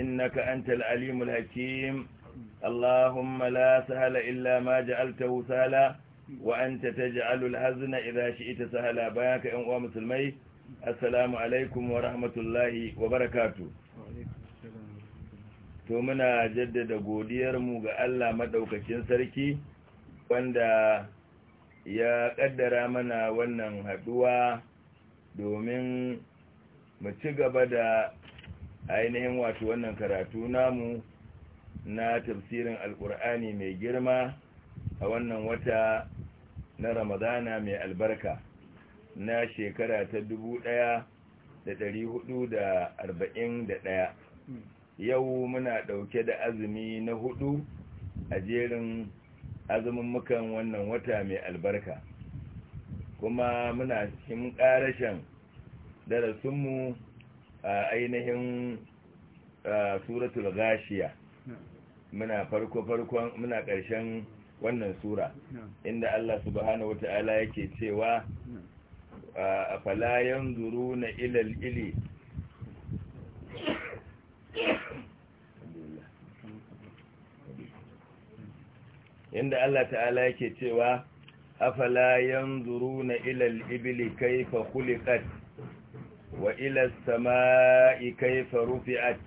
إنك أنت العليم الحكيم اللهم لا سهل إلا ما جعلته سهلا وأنت تجعل الحزن إذا شئت سهلا بياك أموام مسلمي السلام عليكم ورحمة الله وبركاته to muna jaddada godiyarmu ga Allah madaukakin sarki wanda ya kaddara mana wannan haduwa domin mu ci gaba da ainihin wato wannan karatu namu na tafsirin alkur'ani mai girma a wannan wata na ramadana mai albarka na shekara ta ɗaya. yau muna ɗauke da azumi na hudu a jerin azumin mukan wannan wata mai albarka kuma muna cikin ƙarashen darasinmu ainihin suratul gashiya muna farko farkon muna ƙarshen wannan sura inda Allah subhanahu wata'ala yake cewa a fala yanzuruna ilal ili inda Allah ta'ala yake cewa afala yanzuruna ilal ibli kaifa khuliqat وإلى السماء كيف رفعت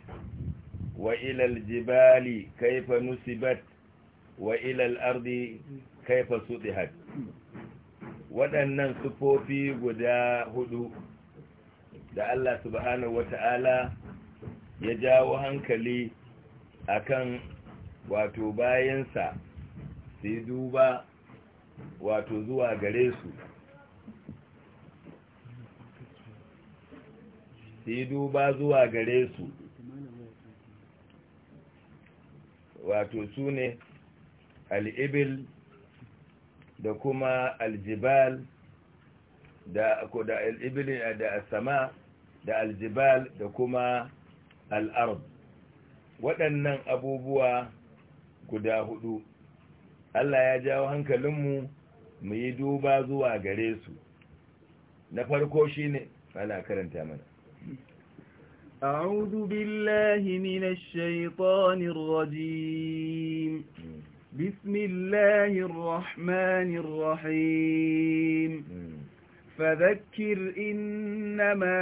وإلى الجبال كيف نسبت وإلى الأرض كيف سطحت waɗannan sufofi guda hudu da Allah subhanahu wata'ala ya jawo hankali akan wato bayansa sai duba wato zuwa gare su sai duba zuwa gare su wato su ne al'ibil da kuma aljibal da al'ibil da sama da aljibal da kuma al’arab waɗannan abubuwa guda hudu Allah ya jawo hankalinmu mu yi duba zuwa gare su na farko shi ne ana karanta mana أعوذ بالله من الشيطان الرجيم بسم الله الرحمن الرحيم فذكر إنما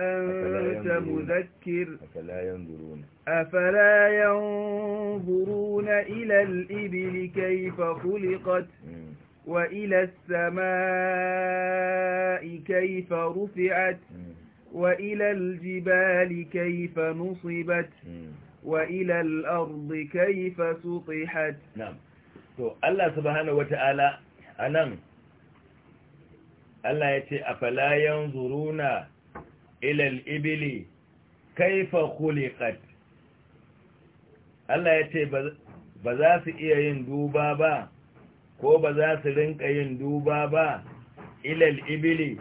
أنت مذكر أفلا ينظرون أفلا ينظرون إلى الإبل كيف خلقت وإلى السماء كيف رفعت وإلى الجبال كيف نصبت وإلى الأرض كيف سطحت نعم to Allah subhanahu wata'ala anan Allah yace afala yanzuruna ila al-ibli kaifa khuliqat Allah ce ba za su iya yin duba ba ko ba za su rinka yin duba ba ilal ibili.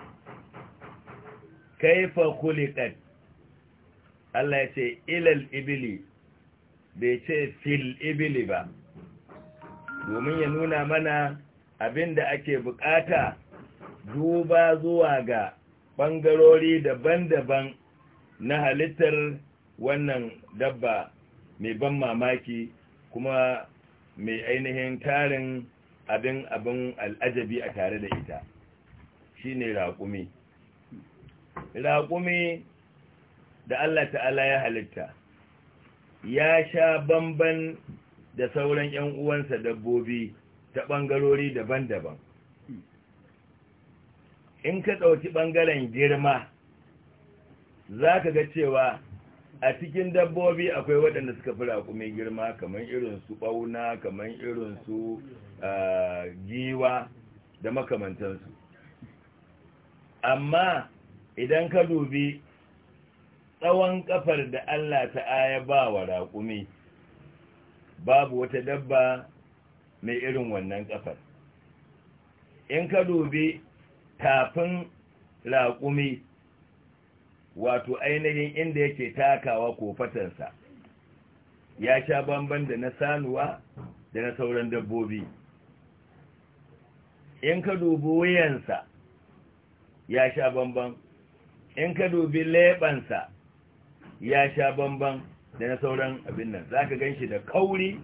kaifa kulikat Allah ya ce ilal ibili bai ce fil ibili ba domin ya nuna mana abin abinda ake bukata duba zuwa ga ɓangarori daban-daban na halittar wannan dabba mai ban mamaki kuma mai ainihin tarin abin abin al'ajabi a tare da ita shine raƙumi raƙumi da Allah ta'ala ya halitta ya sha bamban da sauran 'yan uwansa dabbobi ta ɓangarori daban-daban in ka ɗauki ɓangaren girma za ka ga cewa a cikin dabbobi akwai waɗanda suka fi raƙumi girma kamar irinsu ɓauna kamar irinsu giwa da makamantansu amma idan ka dubi tsawon kafar da Allah ta aya ba wa raƙumi babu wata dabba mai irin wannan kafar in ka dubi tafin raƙumi wato ainihin inda yake takawa ko fatansa ya sha bamban da na sanuwa da na sauran dabbobi in ka dubi wuyansa ya sha bamban in ka dubi leɓansa ya sha bamban da na sauran abin nan za ka gan shi da kauri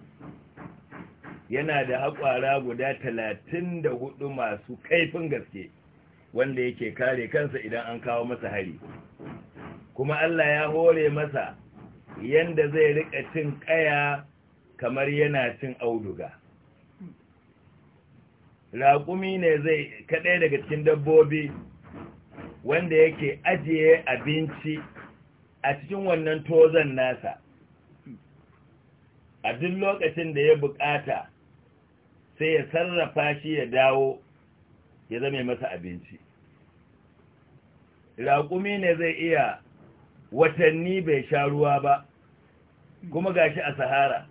yana da haƙwara guda talatin da hudu masu kaifin gaske wanda yake kare kansa idan an kawo masa hari kuma Allah ya hore masa yanda zai riƙa cin ƙaya kamar yana cin auduga raƙumi ne zai kaɗai daga cikin dabbobi wanda yake ajiye abinci a cikin wannan tozan nasa a duk lokacin da ya bukata sai ya sarrafa shi ya dawo ya zame masa abinci raƙumi ne zai iya watanni bai sha ruwa ba kuma gashi a sahara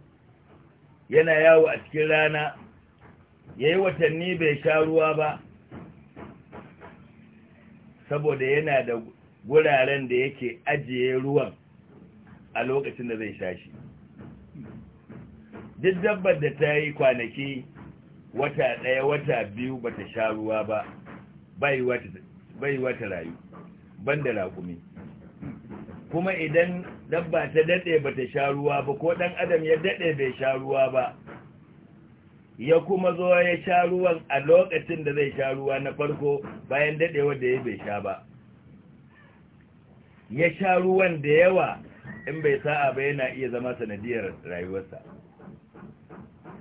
yana yawo a cikin rana ya yi watanni bai sha ruwa ba saboda yana da guraren da yake ajiye ruwan a lokacin da zai sha shi duk dabbar da ta yi kwanaki wata ɗaya wata biyu ba ta sha ruwa ba bai wata rayu ban da raƙumi kuma idan dabba ta daɗe ba ta sha ruwa ba ko ɗan adam ya daɗe bai sha ruwa ba ya kuma zo ya sha ruwan a lokacin da zai sha ruwa na farko bayan daɗewa da ya bai sha ba ya sha ruwan da yawa in bai sa'a ba yana iya zama sanadiyar rayuwarsa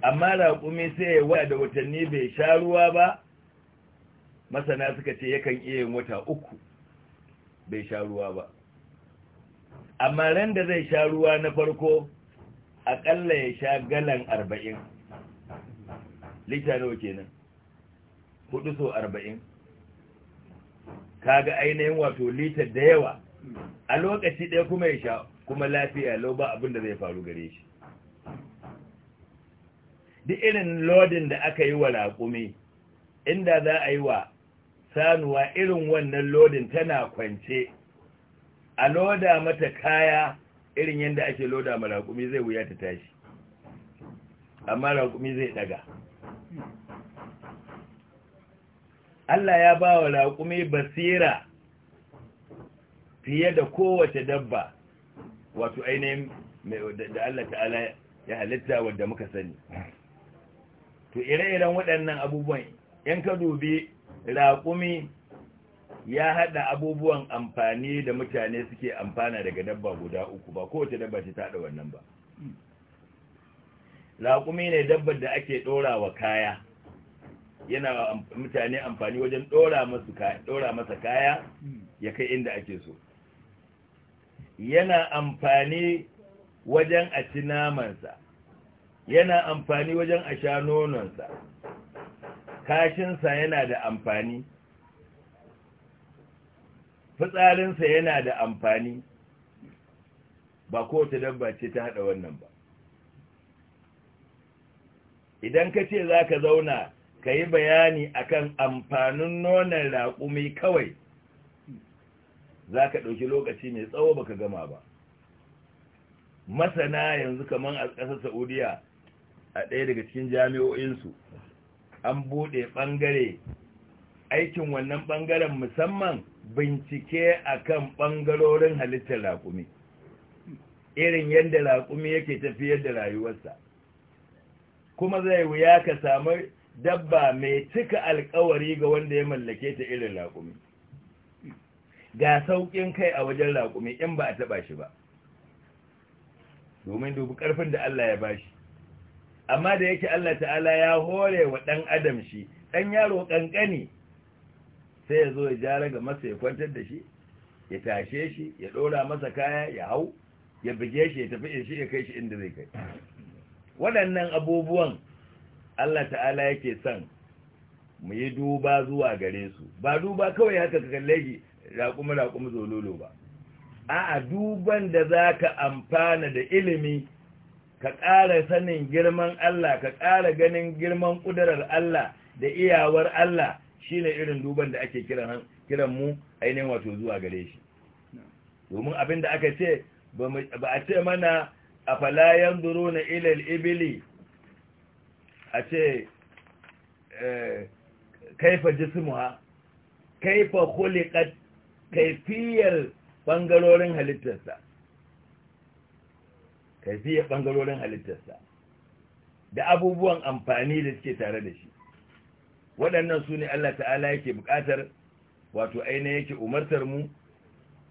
amma raƙumi sai ya wa da watanni bai sha ruwa ba masana suka ce yakan iya yin wata uku bai sha ruwa ba amma ran da zai sha ruwa na farko aƙalla ya sha galan arba'in lita nawa kenan hudu so arba'in kaga ainihin wato lita da yawa a lokaci ɗaya kuma ya sha kuma lafiya lau ba abin zai faru gare shi duk irin lodin da aka yi wa raƙumi inda za a yi wa sanuwa irin wannan lodin tana kwance a loda mata kaya irin yadda ake loda ma raƙumi zai wuya ta tashi amma raƙumi zai ɗaga Allah ya ba wa raƙumi basira fiye da kowace dabba wato ainihin da Allah ta'ala ya halitta wadda muka sani to ire-iren waɗannan abubuwan in ka dubi raƙumi ya haɗa abubuwan amfani da mutane suke amfana daga dabba guda uku ba kowace dabba ce ta haɗa wannan ba raƙumi ne dabbar da ake ɗora wa kaya yana mutane amfani wajen ɗora masa kaya ya kai inda ake so yana amfani wajen a ci namansa yana amfani wajen a sha nononsa kashinsa yana da amfani fitsarinsa yana da amfani ba kowace dabba ce ta haɗa wannan ba idan ka ce za ka zauna ka yi bayani akan amfanin nonon raƙumi kawai za ka ɗauki lokaci mai tsawo baka gama ba masana yanzu kamar a ƙasar saudiya a ɗaya daga cikin jami'o'insu an buɗe ɓangare aikin wannan ɓangaren musamman bincike a kan ɓangarorin halittar raƙumi irin yadda raƙumi yake tafiyar da rayuwarsa kuma zai wuya ka samu dabba mai cika alkawari ga wanda ya mallake ta irin laƙumi ga sauƙin kai a wajen laƙumi in ba a taɓa shi ba domin dubu ƙarfin da Allah ya bashi amma da yake Allah ta'ala ya hore wa ɗan adam shi ɗan yaro ƙanƙani sai ya zo ya jara ga masa ya kwantar da shi ya tashe shi ya ɗora masa kaya ya hau ya buge shi ya tafi shi ya kai shi inda zai kai waɗannan abubuwan Allah ta'ala yake son mu yi duba zuwa gare su ba duba kawai haka ka kalle shi raƙumi raƙumi zololo ba a'a duban da za ka amfana da ilimi ka ƙara sanin girman Allah ka ƙara ganin girman ƙudurar Allah da iyawar Allah shi ne irin duban da ake kiran mu ainihin wato zuwa gare shi domin abin da aka ce ba a ce mana a falayen duro na ilal ibili a ce eh, kaifa jismuha kaifa khuliqat kaifiyar bangarorin halittarsa kaifiyar bangarorin halittarsa da abubuwan amfani da suke tare da shi waɗannan su ne Allah ta'ala yake buƙatar wato aina yake umartar mu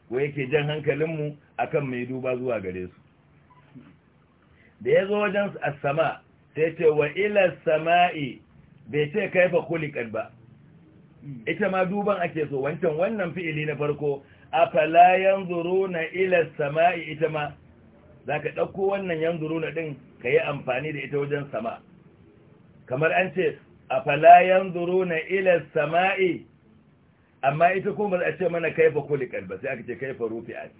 ko yake jan hankalinmu akan mai duba zuwa gare su da ya zo wajen sama sai ce wa ila sama'i bai ce fa kulikan ba hmm. ita ma duban ake so wancan wannan fi'ili na farko afala yanzuruna ila sama'i ita ma zaka dauko wannan yanzuruna din kai amfani da ita wajen sama kamar an ce afala yanzuruna ila sama'i amma ita kuma ba a ce mana fa kulikan ba sai aka ce fa rufi'at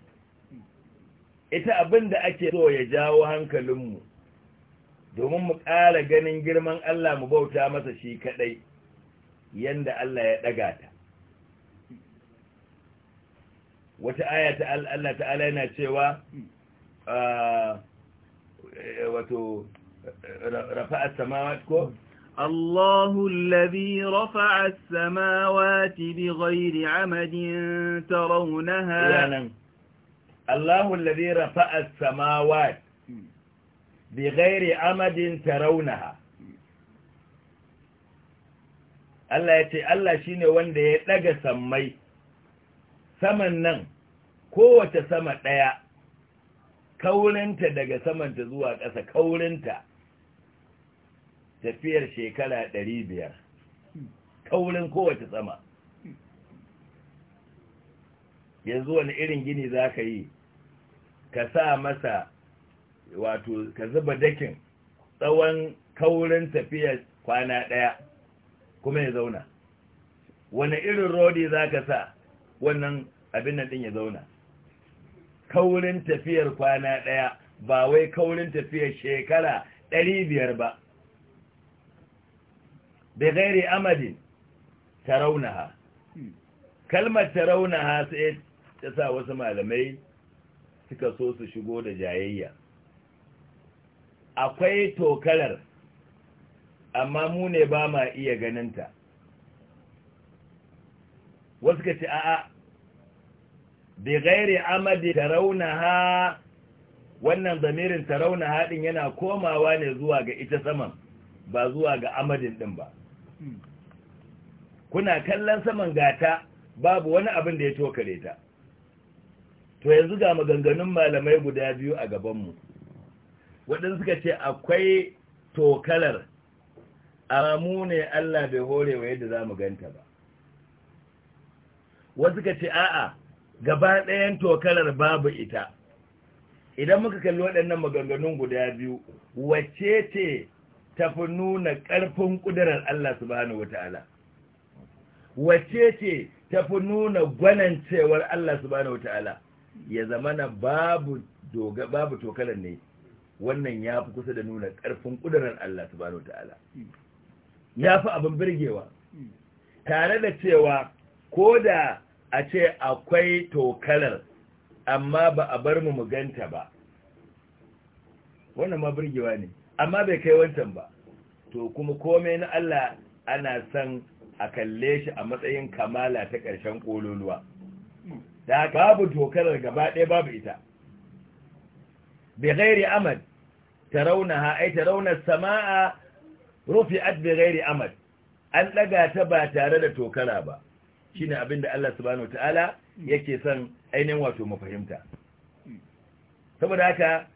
ita abin da ake so ya jawo hankalinmu domin mu ƙara ganin girman Allah mu bauta masa shi kaɗai yadda Allah ya ɗaga ta wata aya ta Allah ta'ala yana cewa ah, eh, wato rafa'a Samawa ko الله الذي رفع السماوات بغير عمد ترونها Allahu alladhi rafa'a as-samawati bighairi amadin tarawunaha Allah ya ce Allah shine wanda ya ɗaga sammai saman nan kowace sama ɗaya, kaurinta daga samanta zuwa ƙasa kaurinta tafiyar shekara ɗari biyar kaurin kowace sama yanzu wani irin gini za ka yi ka sa masa wato ka zuba dakin tsawon kaurin tafiya kwana ɗaya kuma ya zauna wani irin rodi za ka sa wannan abin nan ɗin ya zauna kaurin tafiyar kwana ɗaya ba wai kaurin tafiyar shekara ɗari biyar ba da gairi amadin taraunaha hmm. kalmar ta taraunaha sai ta sa wasu malamai suka so su shigo da jayayya akwai tokalar amma mu ne ba ma iya ganinta wasu ka ce a'a bi gairi amadi ha wannan zamirin ta tarauna haɗin yana komawa ne zuwa ga ita saman ba zuwa ga amadin ɗin ba hmm. kuna kallon saman gata babu wani abin da ya tokare ta to yanzu ga maganganun malamai guda biyu a gabanmu waɗanda suka ce akwai tokalar amma ne Allah bai hore wa yadda za mu ganta ba wasu ka ce a'a gaba ɗayan tokalar babu ita idan muka kalli waɗannan maganganun guda biyu wacce ce tafi nuna ƙarfin ƙudurar Allah subhanahu wata'ala wacce ce tafi nuna gwanancewar Allah subhanahu wata'ala ya zamana babu doga babu tokalan ne wannan ya fi kusa da nuna ƙarfin ƙudurar Allah subhanahu ta'ala ya fi abin birgewa tare da cewa ko da a ce akwai tokalar amma ba a bar mu muganta ba wannan ma birgewa ne amma bai kai wancan ba to kuma komai na Allah ana son a kalle shi a matsayin kamala ta ƙarshen ƙololuwa da babu tokarar gaba ɗaya babu ita bi ghairi amad ha ay tarawna as-samaa rufi'at bi ghairi amad an daga ta ba tare da tokara ba shine abinda Allah subhanahu wataala yake son ainihin wato mu fahimta saboda haka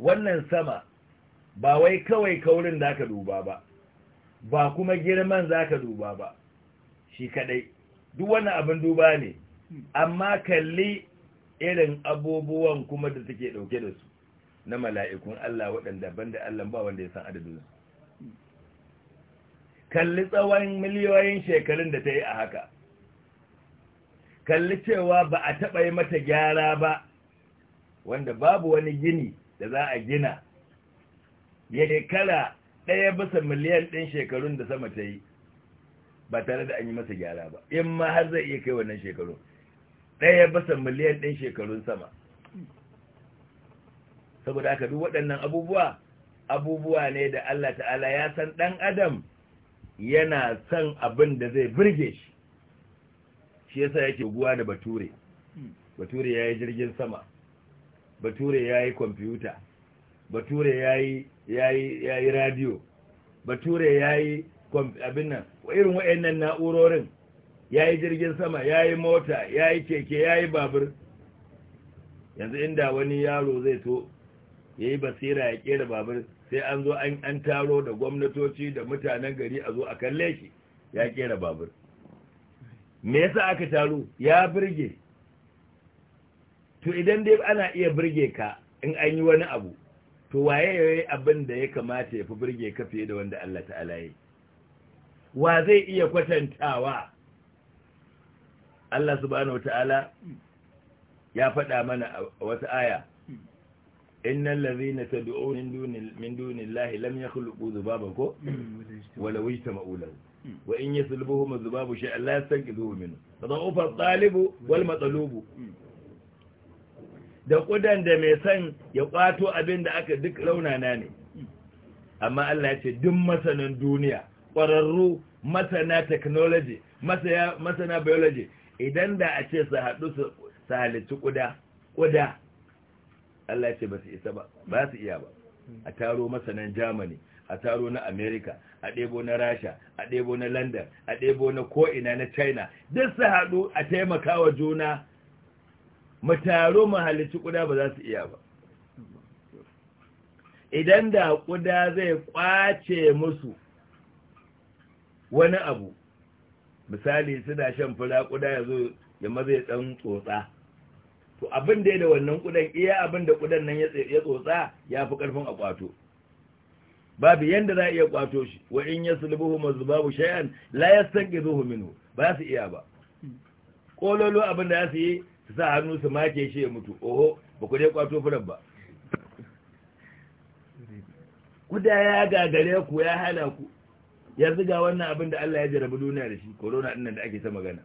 wannan sama ba wai kawai kaurin da aka duba ba ba kuma girman za ka duba ba shi kadai duk wannan abin duba ne amma kalli irin abubuwan kuma da suke dauke da su na mala'ikun Allah waɗanda banda Allah ba wanda ya san su. kalli tsawon miliyoyin shekarun da ta yi a haka kalli cewa ba a taɓa yi mata gyara ba wanda babu wani gini da za a gina ya shekara ɗaya bisa miliyan ɗin shekarun da sama ta yi ba tare da an yi masa gyara ba in ma har zai iya kai wannan shekarun ɗaya basa miliyan ɗin shekarun sama saboda aka duk waɗannan abubuwa abubuwa ne da Allah ta'ala ya san ɗan adam yana son abin da zai birge shi shi yasa yake guwa da bature bature ya yi jirgin sama bature ya yi kwamfuta bature ya yi radiyo bature ya yi abin nan irin waɗannan na'urorin ya yi jirgin sama ya yi mota ya yi keke ya yi babur yanzu inda wani yaro zai to ya yi basira ya kera babur sai an zo an taro da gwamnatoci da mutanen gari a zo a kalle shi ya kera babur me yasa aka taro ya birge to idan dai ana iya birge ka in an yi wani abu to waye yayi abin da ya kamata ya fi birge ka fiye da wanda Allah ta'ala yi wa zai iya kwatantawa Allah subhanahu wata'ala ya faɗa mana wata aya innal ladhina tad'un min duni dunillahi lam yakhluqu dhubaban ko wala wajtama'u lahu wa in yaslubuhum dhubabu shay'an la yastanqidhuhu minhu tadawfa at-talibu wal matlubu da kudan da mai san ya kwato abin da aka duk raunana ne amma Allah ya ce duk masanan duniya kwararru masana technology masana biology idan da a ce su haɗu su halittu ƙuda ƙuda Allah ce ba su isa ba ba su iya ba a taro masanan Germany a taro na America a ɗebo na Rasha a ɗebo na London a ɗebo na ko'ina na China duk su haɗu a taimaka wa juna mu taro mu halittu ƙuda ba za su iya ba idan da ƙuda zai ƙwace musu wani abu misali suna shan fura kuda ya zo ya maza ya dan tsotsa to abin da ya da wannan kudan iya abin da kudan nan ya tsotsa ya fi karfin a kwato babu yanda za a iya kwato shi wa in ya sulbuhu mazbabu shay'an la yastanqidhuhu minhu ba su iya ba kololo abin da su yi su sa hannu su make shi ya mutu oho ba ku dai kwato furan ba kuda ya gagare ku ya hana ku yanzu ga wannan abin da Allah ya jarabi duniya da shi corona ɗin da ake ta magana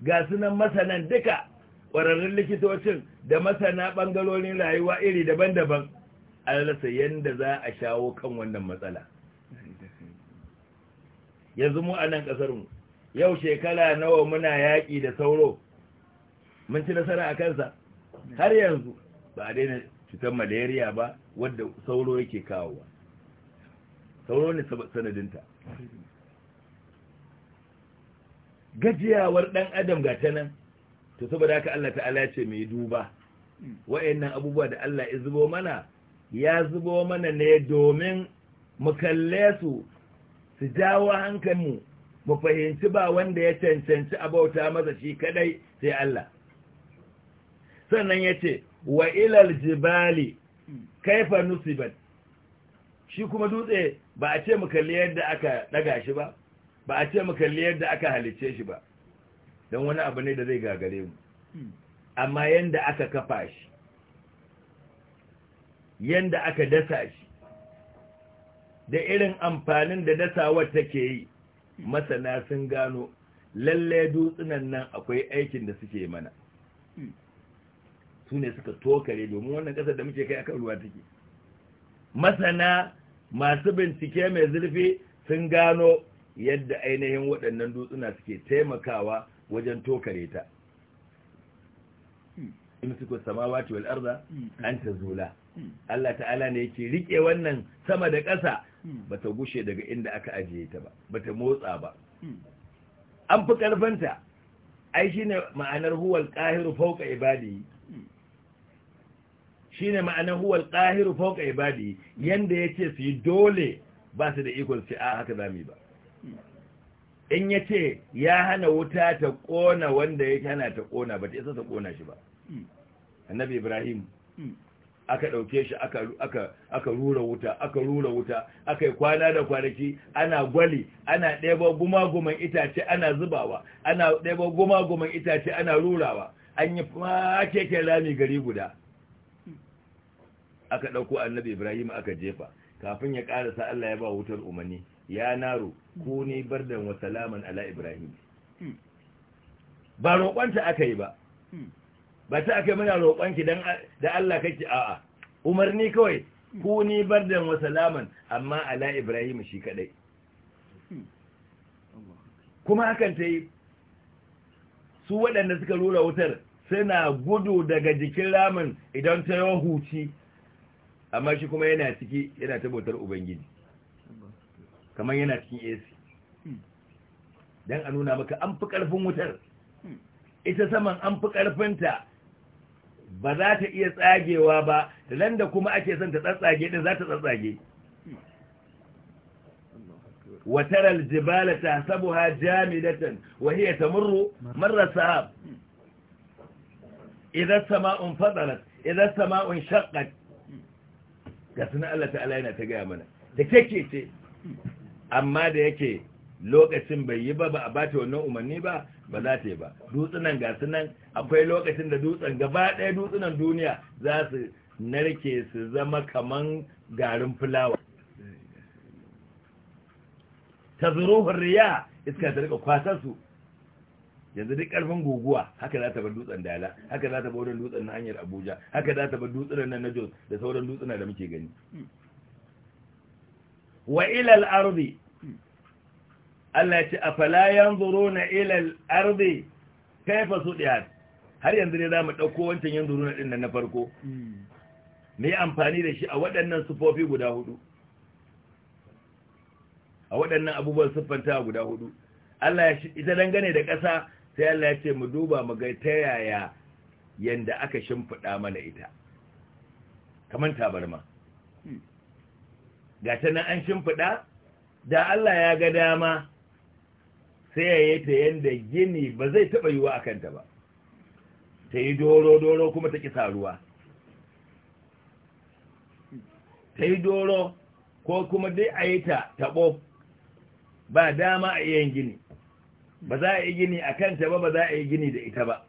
ga sunan masanan duka ƙwararrun likitocin da masana ɓangarorin rayuwa iri daban-daban an rasa yadda za a shawo kan wannan matsala yanzu mu a nan ƙasarmu yau shekara nawa muna yaƙi da sauro mun ci nasara a kansa har yanzu ba a daina cutar malaria ba wadda sauro yake kawowa sauro sanadinta gajiyawar ɗan adam ga ta nan to saboda haka Allah ta'ala ce mai duba wa'annan abubuwa da Allah ya zubo mana ya zubo mana ne domin mu kalle su su jawo hankalinmu mu fahimci ba wanda ya cancanci abauta masa shi kadai sai Allah sannan yace ce wa ilal jibali kaifa nusibat shi kuma dutse ba a ce mu kalli yadda aka daga shi ba ba a ce mu kalli yadda aka halicce shi ba don wani abu ne da zai gagare mu amma yanda aka kafa shi yanda aka dasa shi da irin amfanin da dasawar take yi masana sun gano lalle dutsunan nan akwai aikin da suke mana su ne suka tokare domin wannan ƙasar da muke kai akan ruwa take masana masu bincike mai zurfi sun gano yadda ainihin waɗannan dutsuna suke taimakawa wajen tokare ta hmm. imsiku samawati wal arda hmm. an zula. Hmm. Allah ta'ala ne yake riƙe wannan sama da ƙasa ba ta gushe daga inda aka ajiye ta ba ba ta motsa ba an fi karfanta ai shine ma'anar huwal qahiru fawqa ibadi shine ma'anar huwal qahiru fawqa ibadi yanda yake su dole ba su da ikon su a haka zamu ba in yace ya hana wuta ta kona wanda yake hana ta kona ba sai isa ta kona shi ba annabi ibrahim aka ɗauke shi aka rura wuta aka rura wuta aka kwana da kwanaki ana gwali ana guma gumaguman itace ana zubawa ana ɗeba gumaguman itace ana rurawa an yi fakeke rami gari guda aka ɗauko annabi ibrahim aka jefa kafin ya ƙarasa Allah ya ba wutar umarni ya naro ku ne bardan wa salaman ala ibrahim ba roƙonta aka yi ba ba ta aka yi mana roƙonki da Allah kake a'a umarni kawai ku ni bardan wa salaman amma ala ibrahim shi kadai kuma hakan ta yi su waɗanda suka rura wutar suna gudu daga jikin ramin idan ta yi huci amma shi kuma yana ciki yana ta bautar ubangiji kamar yana cikin AC don a nuna maka an fi ƙarfin wutar ita saman an fi ƙarfinta ba za ta iya tsagewa ba nan da kuma ake son ta tsatsage din za ta tsatsage watar aljibala ta sabuha jamidatan wa ta tamurru marra sahab idan sama'un fadalat idan sama'un shaqqat ga suna Allah ta'ala yana ta gaya mana da take ce amma da yake lokacin bai yi ba ba a bata wannan umarni ba ba za ta yi ba dutsunan ga sunan akwai lokacin da dutsen gaba ɗaya dutsunan duniya za su narke su zama kaman garin fulawa ta riya iska ta rika kwasar su yanzu duk karfin guguwa haka za ta bar dutsen dala haka za ta bar wurin dutsen na hanyar abuja haka za ta bar dutsen nan na jos da sauran dutsuna da muke gani wa ilal ardi Allah ya ce a afala yanzuruna ilal ardi kaifa sudiyat har yanzu ne zamu dauko wancan yanzuruna din nan na farko me amfani da shi a waɗannan sufofi guda hudu a waɗannan abubuwan siffanta guda hudu Allah ya ita dangane da ƙasa sai Allah ya ce mu duba mu ga ta yaya yanda aka shimfiɗa mana ita kamar tabarma hmm. ga ta nan an shimfiɗa da Allah ya ga dama sai ya yi ta yanda gini ba zai taɓa yiwa a kanta ba ta yi doro-doro kuma ta kisa ruwa. ta yi doro ko kuma dai a yi ta taɓo ba dama a yin gini ba za a yi gini a kanta ba ba za a yi gini da ita ba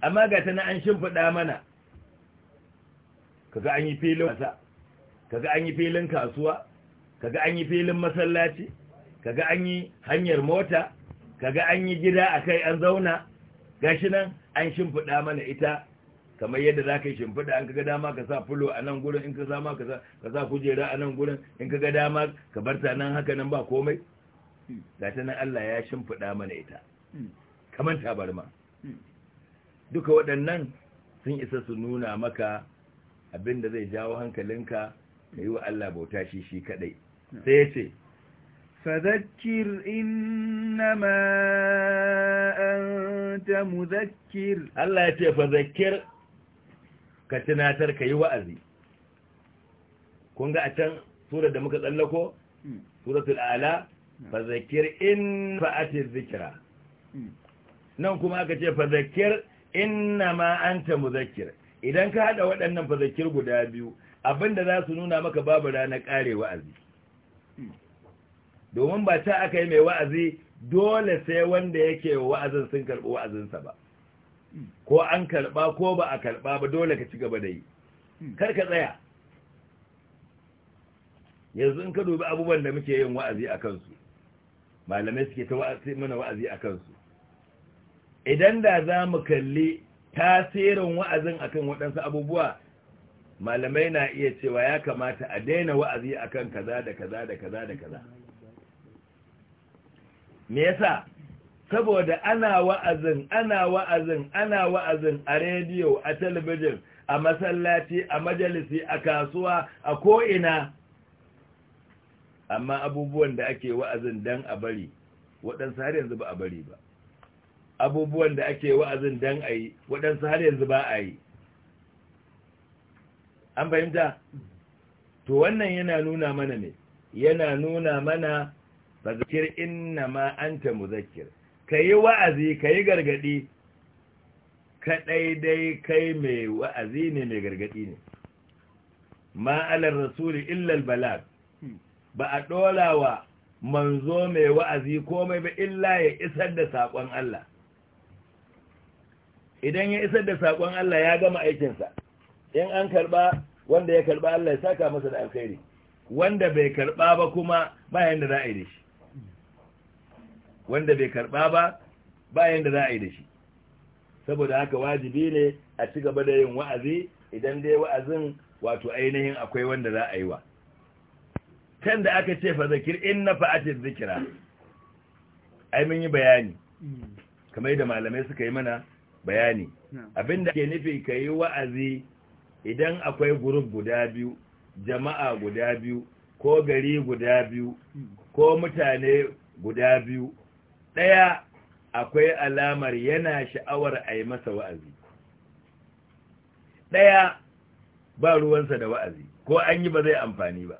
amma ga ta na an shimfiɗa mana kaga an yi filin wasa kaga an yi filin kasuwa kaga an yi filin masallaci kaga an yi hanyar mota kaga an yi gida a kai an zauna gashi nan an shimfiɗa mana ita kamar yadda za ka yi shimfiɗa an kaga dama ka sa fulo a nan gurin in ka sa ma ka sa kujera a nan gurin in kaga dama ka bar ta nan haka nan ba komai zata na Allah ya shimfiɗa mana ita hmm. kamar tabarma hmm. duka waɗannan sun isa su nuna maka abinda zai jawo hankalinka ka yi wa Allah bauta shi shi kadai hmm. sai ya ce fadakir inna ma ta muzakir Allah ya ce fadakir ka tunatar ka yi wa'azi kun ga a can surar da muka tsallako suratul ala fazakir in fa'ati zikira hmm. nan kuma aka ce fazakir inna ma mu zakir idan ka haɗa waɗannan fazakir guda biyu abinda za su nuna maka babu ranar ƙare wa'azi hmm. domin ba ta aka yi mai wa'azi dole sai wanda yake wa'azin sun karɓi wa'azinsa ba hmm. ko an karɓa ko ba a karɓa ba dole ka ci gaba da yi kar ka tsaya yanzu in ka dubi abubuwan da muke yin wa'azi a kansu malamai suke ta mana wa'azi a kansu idan da za mu kalli tasirin wa'azin akan waɗansu abubuwa malamai na iya cewa ya kamata a daina wa'azi akan kaza da kaza da kaza da kaza me yasa saboda ana wa'azin ana wa'azin ana wa'azin a rediyo a talabijin a masallaci a majalisi a kasuwa a ko'ina amma abubuwan da ake wa'azin dan a bari waɗansu har yanzu ba a bari ba abubuwan da ake wa'azin dan a yi waɗansu har yanzu ba a yi an fahimta to wannan yana nuna mana ne yana nuna mana fazakir inna ma anta Ka yi wa'azi ka yi gargadi ka dai kai mai wa'azi ne mai gargadi ne ma’alar alar rasuli illa balag. ba a ɗola wa manzo mai wa'azi komai ba illa ya isar da saƙon Allah idan ya isar da saƙon Allah ya gama aikinsa in an karɓa wanda ya karɓa Allah ya saka masa da alkhairi wanda bai karɓa ba kuma bayan da za a yi da shi wanda bai karɓa ba bayan da za a yi da shi saboda haka wajibi ne a ci gaba da yin wa'azi idan dai wa'azin wato ainihin akwai wanda za a yi wa can da aka ce fa zakir in na fa'atin zikira ai mun yi bayani kamar yadda malamai suka yi mana bayani abinda ke nufi ka yi wa'azi idan akwai guruf guda biyu jama'a guda biyu ko gari guda biyu ko mutane guda biyu ɗaya akwai alamar yana sha'awar a masa wa'azi ɗaya ba ruwansa da wa'azi ko an yi ba zai amfani ba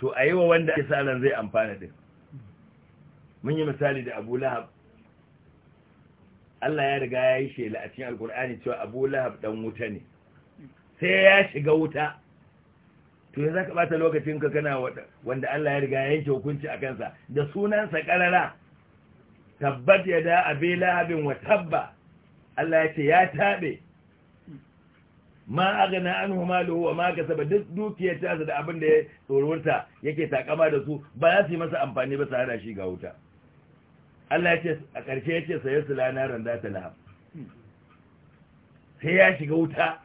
to a yi wa wanda ake sa'aran zai amfana din mun yi misali da abu lahab Allah ya riga ya yi shela a cikin alkur'ani cewa abu lahab dan wuta ne sai ya shiga wuta to za ka bata lokacin ka kana wanda Allah ya riga ya yanke hukunci a kansa da sunansa karara tabbat ya da abi lahabin wa tabba Allah ya ce ya taɓe. ma agana anhu maluhu wa ma kasaba duk dukiyar ta da abin da ya tsoronta yake takama da su ba za su yi masa amfani ba tare da shi ga wuta Allah ya ce a ƙarshe ya ce saye su lana randa ta lahab sai ya shiga wuta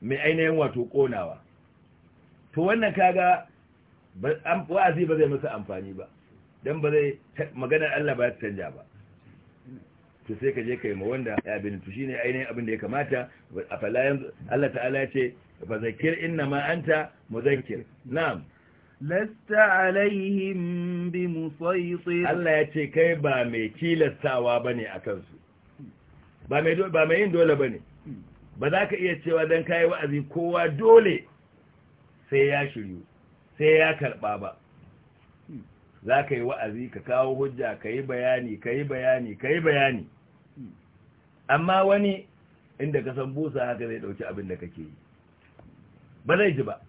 mai ainihin wato konawa to wannan kaga wa'azi ba zai masa amfani ba don ba zai maganar Allah ba ta canja ba to sai ka je kai ma wanda ya abin shine ainihin abin da ya kamata a yanzu Allah ta'ala ce fa zakir inna ma anta muzakkir na'am lasta alaihim bi musaytir Allah ya ce kai ba mai kilastawa bane akan su ba mai ba mai yin dole bane ba za ka iya cewa dan kai wa'azi kowa dole sai ya shiryu sai ya karba ba za ka yi wa'azi ka kawo hujja ka yi bayani ka yi bayani ka yi bayani amma wani inda ka san busa haka zai dauki abin da kake yi ba zai ji ba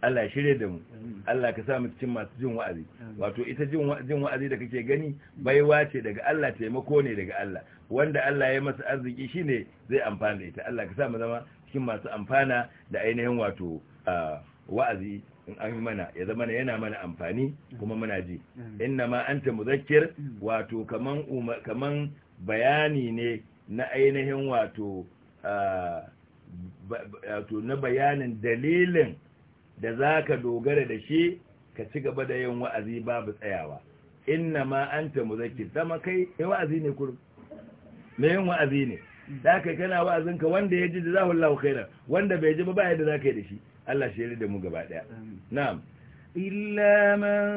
Allah shirye da mu Allah ka sa mu cikin masu jin wa'azi wato ita jin jin wa'azi da kake gani baiwa ce daga Allah taimako ne daga Allah wanda Allah ya masa arziki shine zai amfana da ita Allah ka sa mu zama cikin masu amfana da ainihin wato ah, wa'azi in an mana ya zama yana mana amfani kuma muna ji mm. inna ma anta muzakkir wato kaman kaman bayani ne na ainihin wato wato na bayanin dalilin da zaka dogara da shi ka ci gaba da yin wa'azi babu tsayawa inna ma anta muzakkir zama kai ya wa'azi ne kurum me yin wa'azi ne mm. da kai kana wa'azinka wanda ya ji da zahullahu khairan wanda bai ji ba ba yadda ka yi da shi Allah shi yi da mu gaba ɗaya. Na’am. Illa man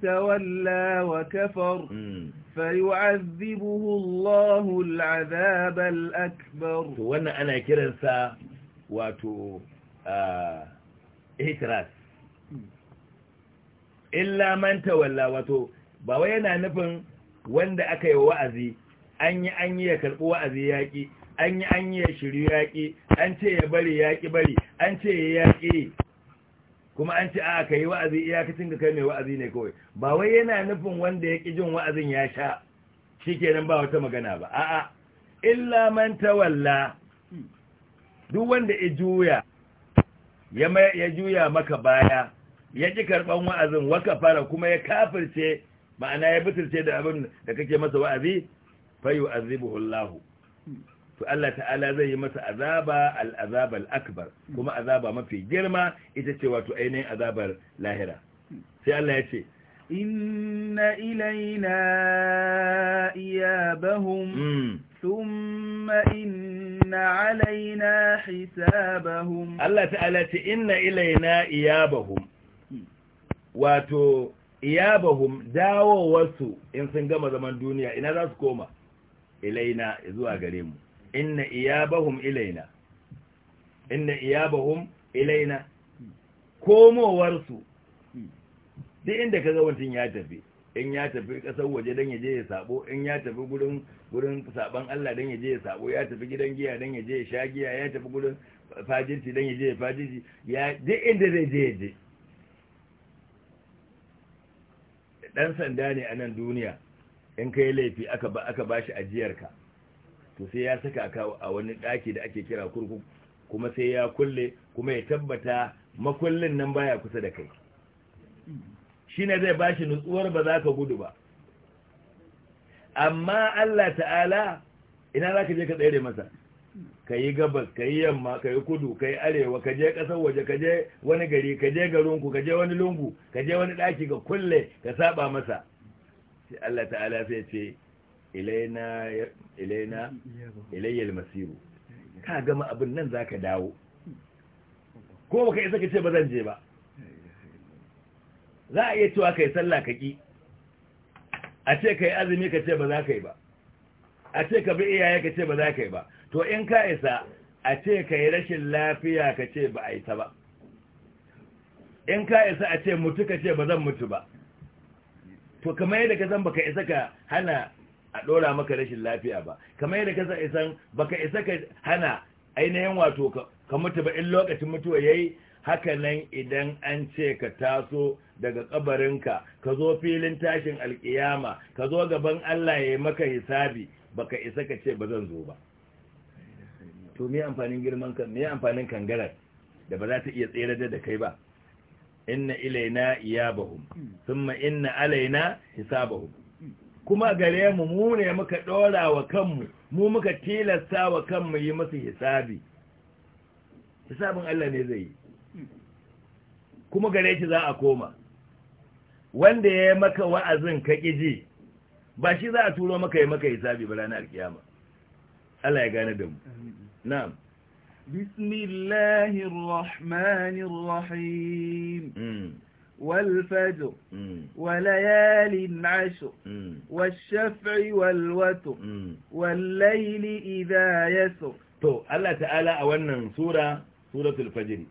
tawalla wa kafar, hmm. fa’i’azibuhu Allahu al’azabal akbar. To, wannan ana kiransa wato, uh, Ehtiras. Hmm. Illa man tawalla wato, ba wai yana nufin wanda aka yi wa’azi, an yi an yi ya karɓi wa’azi yaƙi. an yi an yi ya shiryu yaƙi an ce ya bari yaƙi bari an ce ya yaƙi kuma an ce a ka yi wa'azi iyakacin ka kai mai wa'azi ne kawai ba wai yana nufin wanda ya ƙi jin wa'azin ya sha shi kenan ba wata magana ba a'a illa man tawalla duk wanda ya juya ya juya maka baya ya ƙi karɓan wa'azin waka fara kuma ya kafirce ma'ana ya bitirce da abin da kake masa wa'azi fa yu'azibuhu Allah to Allah ta'ala zai yi masa azaba al'azab akbar kuma azaba mafi girma ita ce wato ainihin azabar lahira sai Allah ya ce inna ilaina iyabahum hmm. thumma inna alaina hisabahum Allah ta'ala ce inna ilaina iyabahum hmm. wato iyabahum dawowarsu in sun gama zaman duniya ina za su koma ilaina zuwa gare mu inna iyabahum ilaina inna iyabahum ilaina komowarsu duk inda kaga wancin ya tafi in ya tafi kasar waje dan yaje ya sabo in ya tafi gurin gurin saban Allah dan yaje ya sabo ya tafi gidan giya dan yaje ya sha giya ya tafi gurin fajirci dan yaje ya fajirci ya duk inda zai je je dan sanda ne a nan duniya in kai laifi aka ba aka bashi ajiyarka to sai ya saka ka a wani ɗaki da ake kira kurkuku kuma sai ya kulle kuma ya tabbata makullin nan baya kusa da kai shi ne zai bashi nutsuwar ba za ka gudu ba amma Allah ta'ala ina za ka je ka tsere masa ka yi gabas ka yi yamma ka yi kudu ka yi arewa ka je ƙasar waje ka je wani gari ka je garinku ka je wani lungu ka je wani ɗaki ka kulle ka saba masa sai Allah ta'ala sai ce ilaina ilayyal masiru ka gama abin nan za ka dawo ko baka isa ka ce ba zan je ba za a iya cewa ka yi sallah ka ki a ce ka yi azumi ka ce ba za ka yi ba a ce ka bi iyaye ka ce ba za ka yi ba to in ka isa a ce ka yi rashin lafiya ka ce ba a yi ta ba in ka isa a ce mutu ka ce ba zan mutu ba to kamar yadda ka zan baka isa ka hana a ɗora maka rashin lafiya ba kamar yadda kasa isan baka isa ka hana ainihin wato ka mutu ba in lokacin mutuwa yayi haka nan idan an ce ka taso daga kabarinka ka zo filin tashin alkiyama ka zo gaban Allah ya maka hisabi baka isa ka ce ba zan zo ba to me amfanin girman kan me amfanin kangarar da ba za ta iya tsere da kai ba inna ilaina iyabahum thumma inna alaina hisabahum kuma gare mu mu ne muka ɗora wa kanmu mu muka tilasta wa kanmu yi masa hisabi hisabin Allah ne zai yi kuma gare shi za a koma wanda ya yi maka wa'azin ka ƙiji ba shi za a turo maka yi maka hisabi ba ranar kiyama Allah ya gane da mu na'am bismillahir rahmanir rahim mm. والفجر وليال عشر والشفع والوتر والليل إذا يسر تو الله تعالى أولا سورة سورة الفجر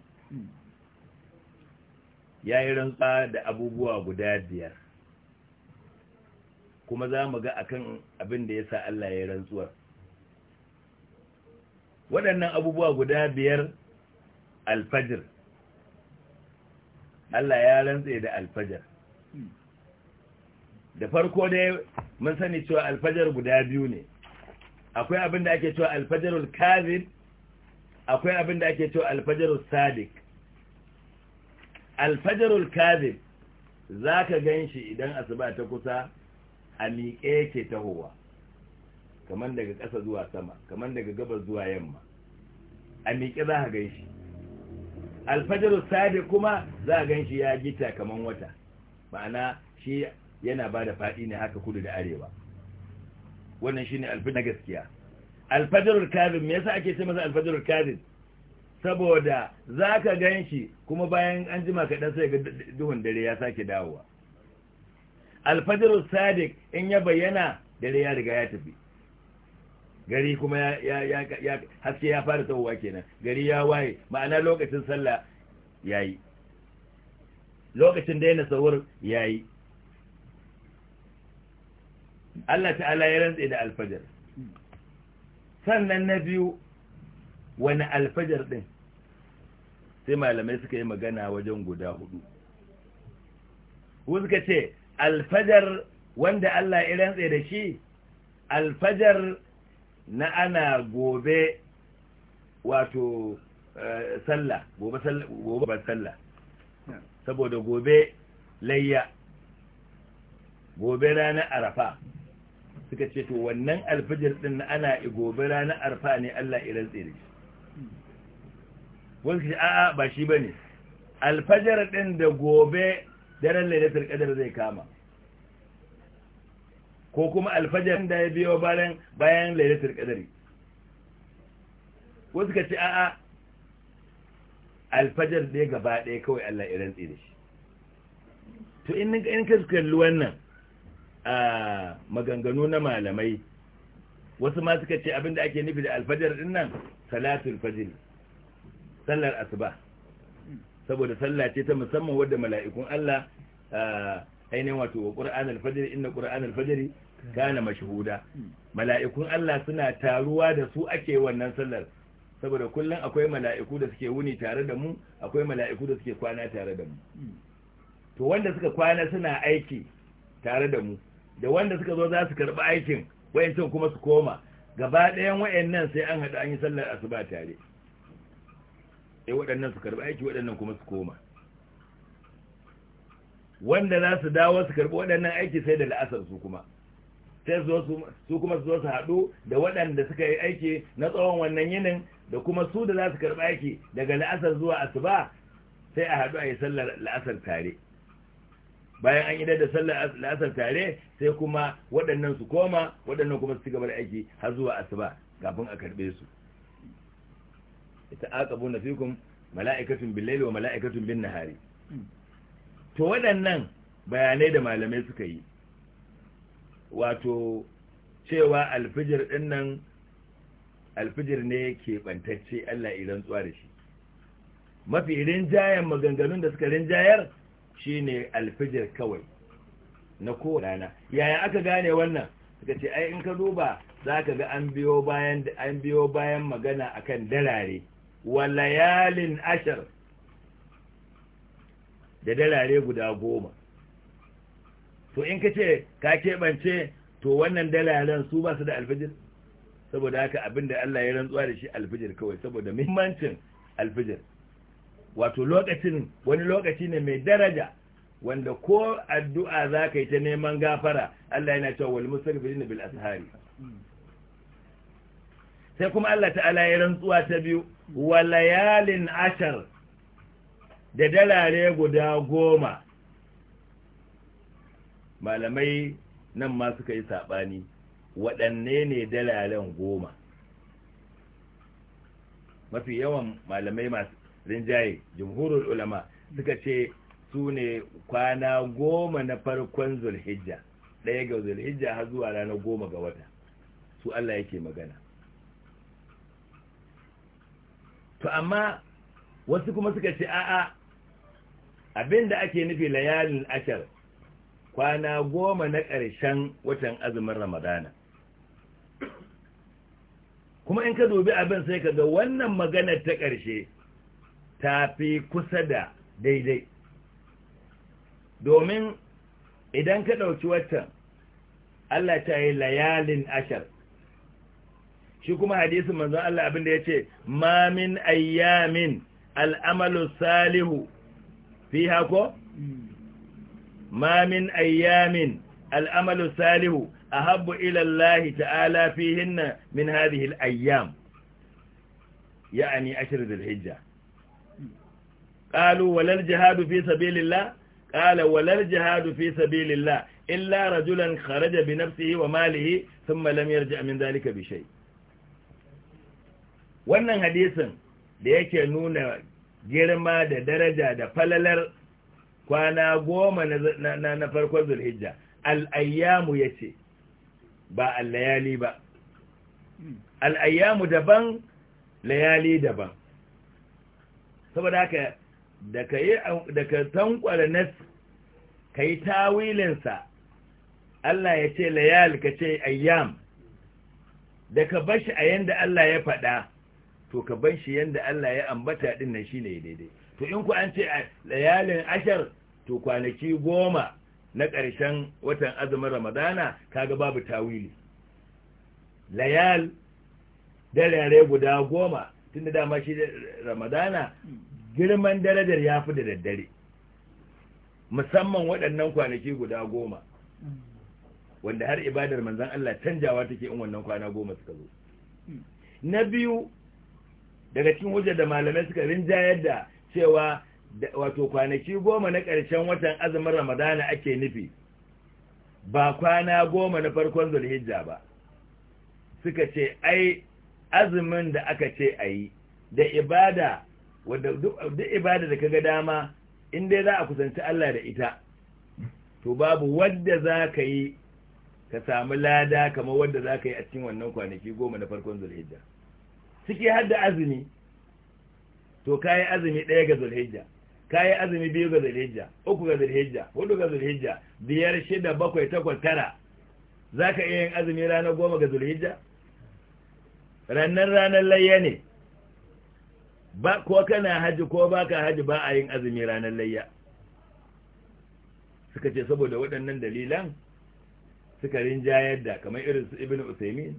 ya yi rantsa da abubuwa guda biyar kuma za mu ga akan abin da ya sa Allah ya yi rantsuwar waɗannan abubuwa guda biyar alfajir Allah ya rantse da alfajar da farko dai mun sani cewa alfajar guda biyu ne akwai abin da ake cewa alfajarul kazib akwai abin da ake cewa alfajarul sadiq alfajarul kazib zaka ganshi idan asuba ta kusa a miƙe yake tahowa kamar daga ƙasa zuwa sama kamar daga gabas zuwa yamma a miƙe za ka ganshi Alfajar Sadiq kuma za a gan shi ya gita kaman wata ma'ana shi yana ba da faɗi ne haka kudu da arewa wannan shi ne alfi na gaskiya alfajarul kazin me yasa ake ce masa alfajarul kazin saboda za ka gan shi kuma bayan an jima kaɗan sai ga duhun dare ya sake dawowa Alfajar sadiq in ya bayyana dare ya riga ya tafi gari kuma ya haske ya fara tawowa kenan gari ya waye ma'ana lokacin sallah yayi lokacin daina sahur yayi Allah ta'ala ya rantse da alfajar sannan na biyu wani alfajar din sai malamai suka yi magana wajen guda hudu suka ce alfajar wanda Allah ya rantse da shi alfajar na ana gobe wato eh, sallah gobe ba sallah saboda gobe layya gobe rana arafa suka ce to wannan alfijir din na ana gobe rana arafa ne Allah irin tsere wani a'a ba shi ba ne alfajar din da gobe daren laidatar kadar zai kama ko kuma alfajar da ya biyo bayan bayan lailatul qadari wasu ka ce a'a alfajar da gaba ɗaya kawai Allah ya rantsi da shi to in in ka kalli wannan a maganganu na malamai wasu ma suka ce abinda ake nufi da alfajar din nan salatul fajr sallar asuba saboda sallah ce ta musamman wadda mala'ikun Allah ainihin wato wa ƙura'an alfajiri inda ƙura'an alfajiri gane mashhuda mala'ikun Allah suna taruwa da su ake wannan sallar saboda kullum akwai mala'iku da suke wuni tare da mu akwai mala'iku da suke kwana tare da mu to wanda suka kwana suna aiki tare da mu da wanda suka zo za su karɓi aikin wayancin kuma su koma gaba ɗayan wayannan sai an haɗu an yi sallar asuba tare eh waɗannan su karɓi aiki waɗannan kuma su koma wanda za su dawo su karɓi waɗannan aiki sai da la'asar su kuma sai su kuma su zo su haɗu da waɗanda suka yi aiki na tsawon wannan yinin da kuma su da za su karɓi aiki daga la'asar zuwa asuba sai a haɗu a yi sallar la'asar tare bayan an idar da sallar la'asar tare sai kuma waɗannan su koma waɗannan kuma su ci gaba da aiki har zuwa asuba kafin a karɓe su ita aqabu nafikum mala'ikatun bil wa mala'ikatun bin-nahari to waɗannan bayanai da malamai suka yi wato cewa alfijir din alfijir ne bantacce Allah idan tsuwa da shi mafi rinjayen maganganun da suka rinjayar shine alfijir kawai na kowane rana yaya aka gane wannan suka ce ai in ka duba za ka ga an biyo bayan an biyo bayan magana akan dalare walayalin ashar da dalare guda goma to in ka ce ka keɓance to wannan dalaren su ba su da alfijir saboda haka abin da Allah ya rantsuwa da shi alfijir kawai saboda muhimmancin alfijir wato lokacin wani lokaci ne mai daraja wanda ko addu'a za ka yi ta neman gafara Allah yana cewa wal mustaghfirin bil ashari sai kuma Allah ta'ala ya rantsuwa ta biyu wa layalin ashar da dalare guda goma malamai nan ma suka yi saɓani waɗanne ne dalalan goma mafi yawan malamai masu rinjaye jumhurul ulama suka ce su ne kwana goma na farkon zulhijja ɗaya ga zulhijja har zuwa ranar goma ga wata su Allah yake magana to amma wasu kuma suka ce a'a abinda ake nufi layalin ashar kwana goma na ƙarshen watan azumin ramadana kuma in ka dubi abin sai ka ga wannan maganar ta ƙarshe ta fi kusa da daidai domin idan ka ɗauki watan Allah ta yi layalin ashar shi kuma hadisin manzon Allah da ya ce mamin ayyamin al'amalu salihu fi hako hmm. ma min ayyamin al'amalu salihu ahabbu habbu ilallahi ta'ala fihinna min hadhihi ayyam ya'ni ashr dhul-hijja qalu walal jihadu fi sabilillah walar walal jihadu fi sabilillah illa rajulan kharaja bi nafsihi wa malihi sun malamyar yarji' min dhalika wannan hadisin da yake nuna girma da daraja da falalar kwana goma na farkon zulhijja al'ayyamu ya ce ba al'ayali ba al'ayyamu daban layali daban saboda haka da ka tankwara nas ka yi tawilinsa Allah ya ce layal ka ce ayyam da ka bashi a yanda Allah ya faɗa to ka bashi yanda Allah ya ambata ɗin nan shi ne daidai to in ku an ce layalin ashar to kwanaki goma na ƙarshen watan azumin ramadana ga babu tawili layal dalare guda goma tun da dama shi ramadana girman darajar ya fi da daddare musamman waɗannan kwanaki guda goma wanda har ibadar manzan Allah canjawa take in wannan kwana goma suka zo na biyu daga cikin hujjar da malamai suka rinjayar da cewa wato kwanaki goma na ƙarshen watan azumin ramadana ake nufi ba kwana goma na farkon zulhijja ba suka ce ai azumin da aka ce a yi da ibada da duk ibada da kaga dama in dai za a kusanci Allah da ita to babu wadda za ka yi ka samu lada kamar wadda za ka yi a cikin wannan kwanaki goma na farkon zulhijja suke hadda azumi to kayi azumi ɗaya ga zulhijja kayi azumi biyu ga zulhijja uku ga zulhijja hudu ga zulhijja biyar shida bakwai takwas tara Za ka iya yin azumi ranar goma ga zulhijja rannan ranar layya ne ba ko kana haji ko ba ka haji ba a yin azumi ranar layya suka ce saboda waɗannan dalilan suka rinjayar da kamar irin su ibn usaimin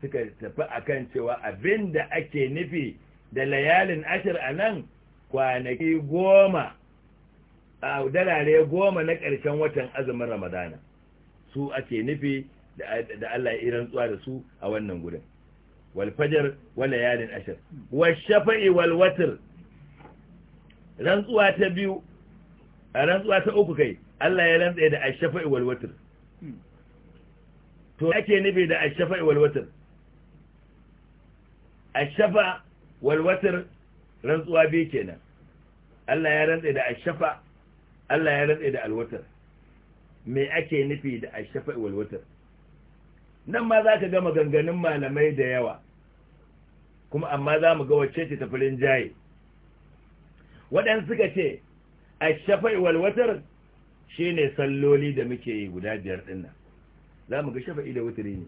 suka tafi akan cewa abinda ake nufi da layalin ashir a nan kwanaki goma a dalare goma na ƙarshen watan azumin ramadana su ake nufi da Allah ya rantsuwa da su a wannan gudun walfajar wala yalin ashir washafa'i walwatar. rantsuwa ta biyu a rantsuwa ta uku kai Allah ya rantsa da ashafa'i walwatir to ake nufi da ashafa'i walwatir ashafa walwatar rantsuwa biyu kenan Allah ya rantse da ashafa Allah ya rantsa da alwatar me ake nufi da ashafa walwatar nan ma za ka ga maganganun malamai da yawa kuma amma za mu ga wacce ce tafirin jaye waɗansu suka ce ashafa walwatar shi ne salloli da muke yi guda biyar ɗin nan za mu ga shafa'i da wuturi ne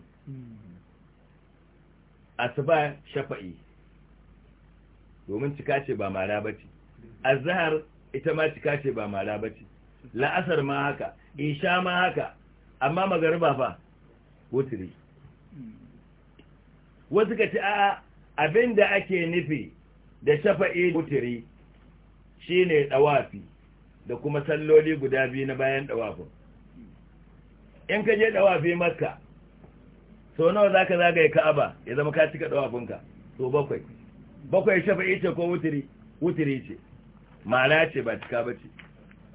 asuba shafa'i domin cika ce ba mara ba ce azhar ita ma cika ce ba mara bace la'asar ma haka isha ma haka amma magariba fa wutri wasu ka ci a'a abinda ake nufi da shafa'i wutri shine dawafi da kuma salloli guda biyu na bayan dawafin in ka je dawafi makka sau nawa zaka zagaye ka'aba ya zama ka cika dawafinka so bakwai bakwai shafa'i ce ko wutri wutiri ce mala ce ba cika ba ce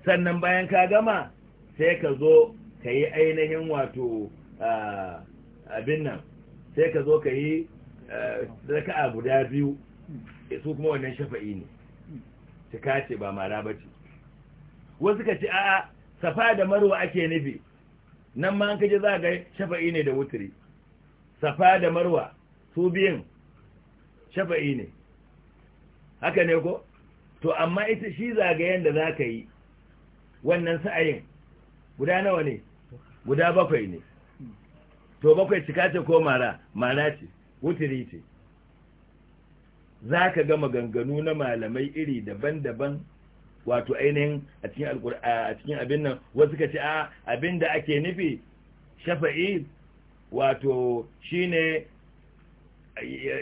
sannan bayan ka gama sai ka zo ka yi ainihin wato abin nan sai ka zo ka yi a guda biyu su kuma wannan shafa'i ne cika ce ba mara ba ce wasu ka ce a'a safa da marwa ake nufi nan ma an kaje za ga shafa'i ne da wutiri safa da marwa su biyun shafa'i ne haka ne ko to amma ita shi zagayen da za ka yi wannan sa'ayin guda nawa ne guda bakwai ne to bakwai cika ce ko mara mara ce wutiri ce za ka gama ganganu na malamai iri daban-daban wato ainihin a cikin abin nan wasu ka ce a abin da ake nufi shafa'i wato shine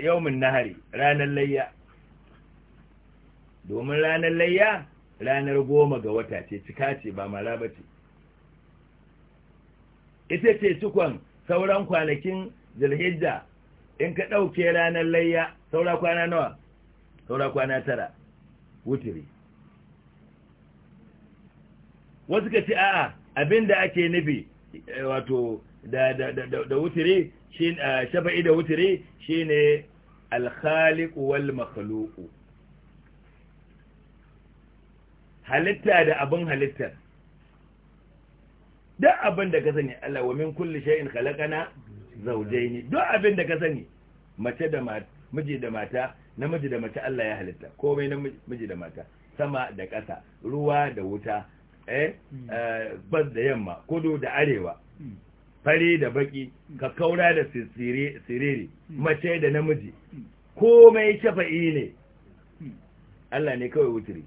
yaumin nahari ranar layya domin ranar layya ranar goma ga wata ce cika ce ba mara ba ce ita ce cikon sauran kwanakin zilhijja in ka ɗauke ranar layya saura kwana nawa saura kwana tara wutiri wasu ka ce a'a abinda ake nufi eh, wato da wutiri eh, shafa'i da wutiri shine alkhaliq wal makhluq halitta da abin halittar duk abin da ka sani Allah wa min kulli shay'in khalaqana zawjayni duk abin da ka sani mace da mata miji da mata namiji da mace Allah ya halitta komai namiji da mata sama da ƙasa ruwa da wuta eh, hmm. eh bas da yamma kudu da arewa hmm. fare da baki hmm. kaura da siriri mace da namiji komai shafa'i ne Allah ne kawai wuturi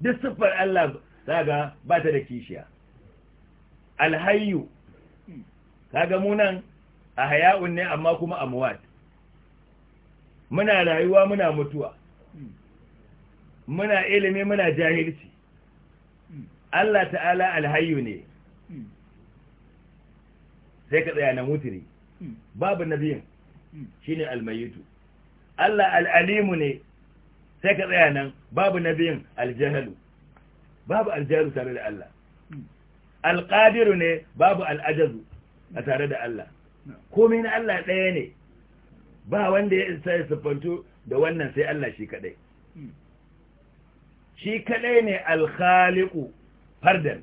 duk siffar Allah zaga ba ta da kishiya alhayyu kaga mu nan haya'un ne amma kuma amwat muna rayuwa muna mutuwa muna ilimi muna jahilci Allah ta'ala alhayyu ne sai ka tsaya na mutiri babu nabiyin shine almayitu Allah al'alimu ne sai ka tsaya nan babu nabiyin aljahalu babu aljahalu tare da Allah alƙadiru ne babu alajazu a tare da Allah komai na Allah ɗaya ne ba wanda ya isa ya siffantu da wannan sai Allah shi kadai shi kadai ne alkhaliqu fardan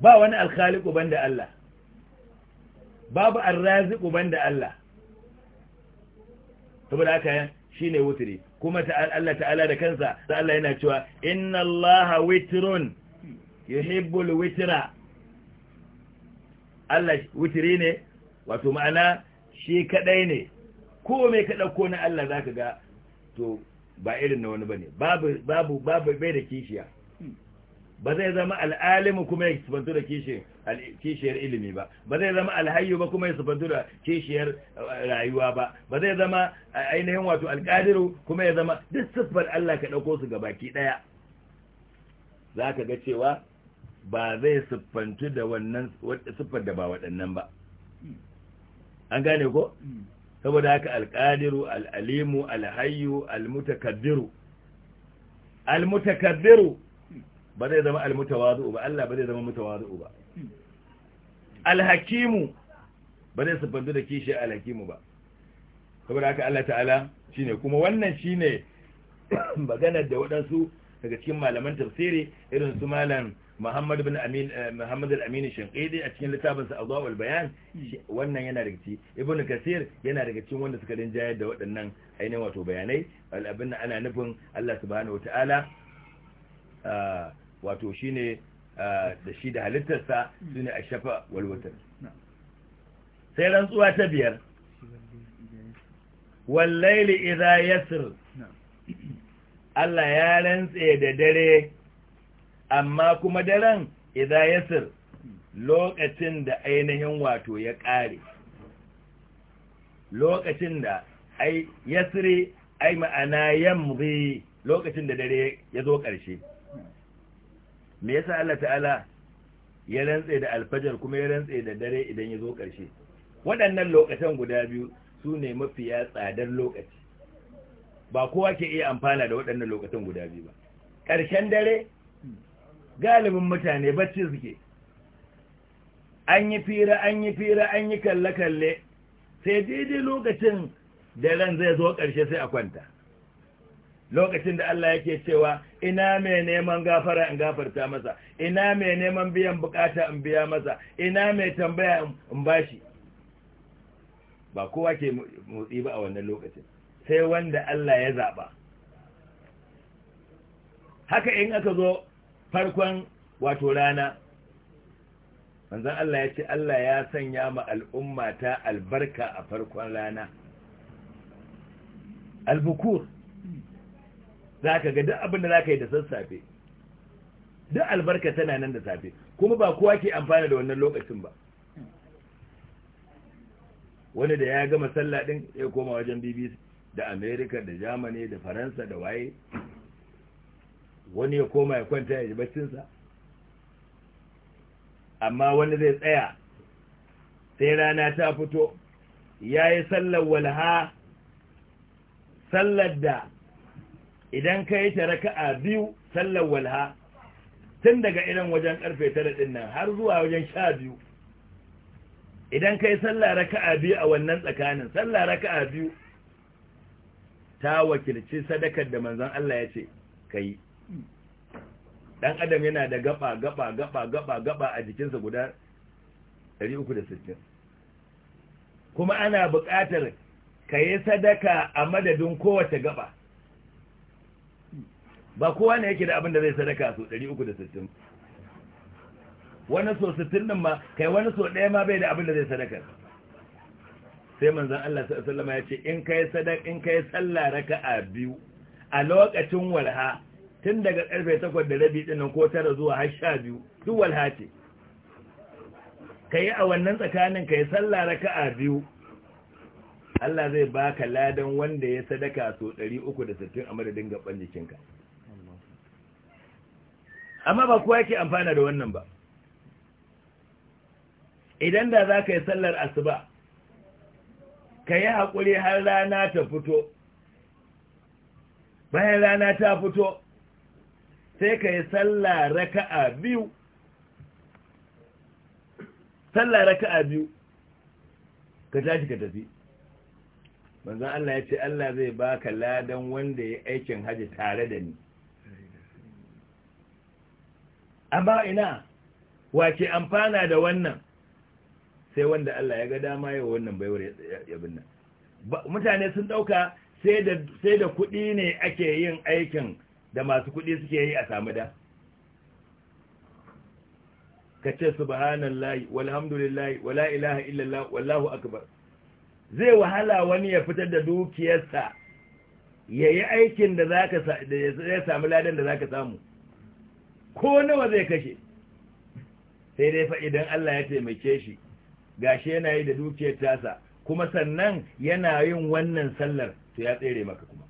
ba wani ban banda Allah babu ban banda Allah saboda haka shine wutiri kuma ta Allah ta'ala da kansa da Allah yana cewa inna Allah witrun yuhibbul witra Allah wutri ne wato ma'ana shi kadai ne ko mai ka dauko na Allah zaka ga to ba irin na wani bane babu babu babu bai da kishiya ba zai zama al'alimu kuma ya sifantu da kishiyar ilimi ba ba zai zama alhayu ba kuma ya sifantu da kishiyar uh, rayuwa ba ba zai zama uh, ainihin wato alƙadiru kuma ya zama duk siffar Allah ka ɗauko su ga baki ɗaya za ka ga cewa ba zai sufantu da wannan siffar da ba waɗannan ba an gane ko saboda haka alƙadiru al'alimu alhayu almutakaddiru almutakaddiru ba zai zama almutawadu ba Allah ba zai zama mutawadu ba alhakimu ba zai sifantu da kishi alhakimu ba saboda haka Allah ta'ala shine kuma wannan shine maganar da waɗansu daga cikin malaman tafsiri irin su malam Muhammad bin Amin eh, Muhammad al-Amin Shinqidi a cikin littafin sa Adwa bayan wannan yana daga cikin Ibn Kathir yana daga cikin wanda suka rinjayar da waɗannan ainihin wato bayanai al-abinna ana nufin Allah subhanahu wataala ah, wato shine ah, da shi da halittarsa su ne a shafa walwatar sai rantsuwa ta biyar wallaili idha yasir Allah ya rantse da dare amma kuma daren idha yasir lokacin da ainihin wato ya ƙare lokacin da ai yasri ai ma'ana yamzi lokacin da dare ya zo ƙarshe me yasa Allah ta'ala ya rantse da alfajar kuma ya rantse da dare idan ya zo ƙarshe waɗannan lokacin guda biyu su ne mafiya tsadar lokaci ba kowa ke iya amfana da waɗannan lokacin guda biyu ba ƙarshen dare galibin mutane bacci suke an yi fira an yi fira an yi kalle-kalle sai didi lokacin da ran zai zo ƙarshe sai a kwanta lokacin da Allah yake cewa ina mai neman gafara in gafarta masa ina mai neman biyan bukata in biya masa ina mai tambaya in bashi ba kowa ke motsi ba a wannan lokacin sai wanda Allah ya zaba haka in aka zo farkon wato rana manzon Allah ya ce Allah ya sanya ma al'umma ta albarka a farkon rana albukur za ka ga duk abin da za ka yi da sassafe duk albarka tana nan da safe kuma ba kowa ke amfani da wannan lokacin ba wani da ya gama sallah din ya koma wajen bbc da america da germany da faransa da waye wani ya koma ya kwanta ya ji baccinsa amma wani zai tsaya sai rana ta fito ya yi sallar walha sallar da idan ka yi ta raka'a biyu sallar walha tun daga irin wajen karfe tara din nan har zuwa wajen sha biyu idan ka yi sallar raka'a biyu a wannan tsakanin sallar raka'a biyu ta wakilci sadakar da manzon Allah ya ce ka yi dan adam yana da gaba gaba gaba gaba gaba a jikinsa guda 360 kuma ana buƙatar ka yi sadaka a madadin kowace gaba ba kowa ne yake da abin da zai sadaka so 360 wani so 60 din ma kai wani so ɗaya ma bai da abin da zai sadaka sai manzan Allah sallallahu ya ce in kai sadaka in kai raka a biyu a lokacin walha tun daga karfe 8 da rabi ɗin nan ko tara zuwa har sha biyu duk walha ce kai a wannan tsakanin kai raka a biyu Allah zai baka ladan wanda ya sadaka so 360 a madadin gaban jikinka amma ba kowa yake amfana da wannan ba idan da za ka yi sallar asuba ka yi haƙuri har rana ta fito bayan rana ta fito sai ka yi raka'a biyu sallah raka'a biyu ka tashi ka tafi manzon Allah ya ce Allah zai baka ladan wanda ya aikin hajji tare da ni amma ina wace amfana da wannan sai wanda Allah ya ga dama yau wannan baiwar ya binna mutane sun dauka sai da sai da kuɗi ne ake yin aikin da masu kuɗi suke yi a samu da ka ce subhanallahi walhamdulillahi wala ilaha illallah wallahu akbar zai wahala wani ya fitar da dukiyarsa yayi aikin da zaka ya samu ladan da zaka samu ko nawa zai kashe sai dai fa idan Allah ya taimake shi gashi yana yi da dukiyar tasa kuma sannan yana yin wannan sallar to ya tsere maka kuma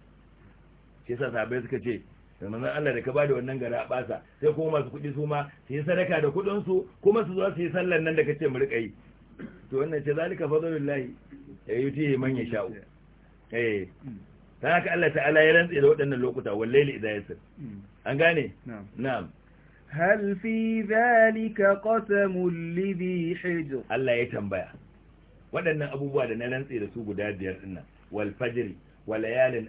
shi yasa sahabbai suka ce manzon Allah da ka bada wannan gara basa sai kuma masu kuɗi su ma su yi sadaka da kuɗin su kuma su zo su yi sallar nan da kace mu rika yi to wannan ce zalika fadlullahi yuti man yasha'u eh dan haka Allah ta'ala ya rantsa da waɗannan lokuta wallahi idza yasir an gane na'am هل في ذلك قسم لذي حجر الله tambaya waɗannan abubuwa da na rantse da su guda biyar dinnan wal fajri wal layalin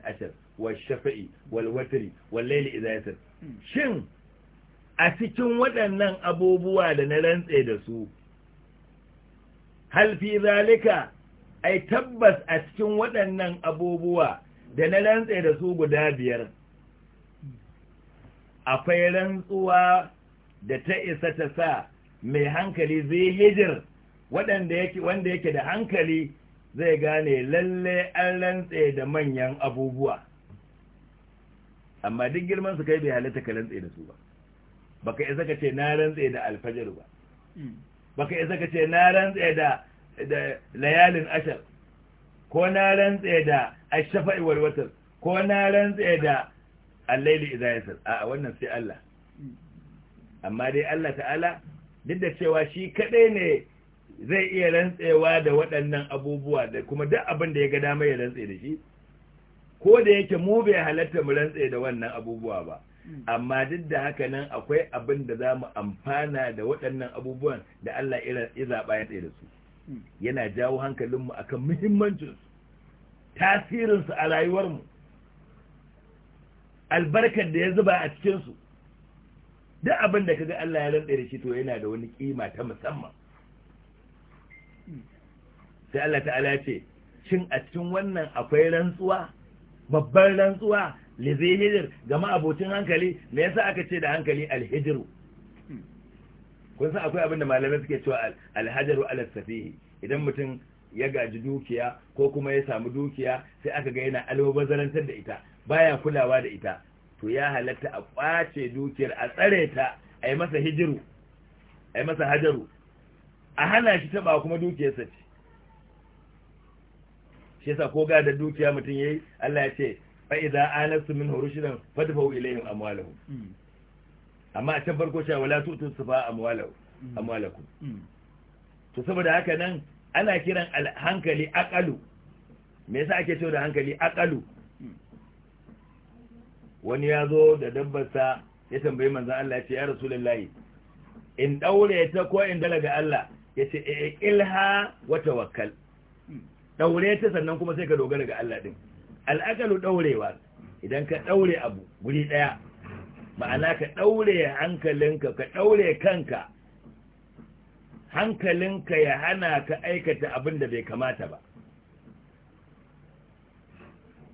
wal shafi'i wal watri wal layli idza yasir shin a cikin waɗannan abubuwa da na rantse da su hal fi zalika ai tabbas a cikin waɗannan abubuwa da na rantse da su guda biyar akwai rantsuwa da ta isa ta sa mai hankali zai hijir waɗanda yake wanda yake da hankali zai gane lalle an rantse da manyan abubuwa amma duk girman su kai bai halatta ka rantse da su ba baka isa ka ce na rantse da alfajir ba baka isa ka ce na rantse da layalin ashar ko na rantse da ashfa'i wal ko na rantse da al da idza a wannan sai Allah amma dai Allah ta'ala duk da cewa shi kadai ne zai iya rantsewa da waɗannan abubuwa da kuma duk abin da ya ga dama ya rantse da shi ko da yake mu bai halatta mu rantse da wannan abubuwa ba amma duk da haka nan akwai abin da za amfana da waɗannan abubuwan da Allah ya ya tsaye da su yana jawo hankalinmu akan muhimmancinsu tasirinsu a rayuwarmu albarkar da ya zuba a cikinsu duk abin da kaga Allah ya rantsa da shi to yana da wani kima ta musamman sai Allah ta'ala ce shin a cikin wannan akwai rantsuwa babban rantsuwa li zihir ga abocin hankali me yasa aka ce da hankali alhijiru kun san akwai abin da malamai suke cewa alhajaru ala safihi idan mutum ya gaji dukiya ko kuma ya samu dukiya sai aka ga yana albazarantar da ita baya kulawa da ita to ya halatta a kwace dukiyar a tsare ta a yi masa hijiru a yi masa hajaru a hana shi taba kuma dukiyarsa ce shi yasa ko ga da dukiya mutum yayi Allah ya ce fa idza anastu min hurushidan fadfa'u ilayhim amwalahum amma a can farko cewa wala tutu sufa amwalahu amwalakum to saboda haka nan ana kiran hankali aqalu me yasa ake cewa da hankali aqalu wani ya zo da dabbarsa ya tambayi manzan Allah ya ce ya rasulullahi in daure ta ko in dala ga Allah ya ce e ilha wa tawakkal daure ta sannan kuma sai ka dogara ga Allah din al'akalu daurewa idan ka daure abu guri ɗaya ma'ana ka daure hankalinka ka daure kanka hankalinka ya hana ka aikata abin da bai kamata ba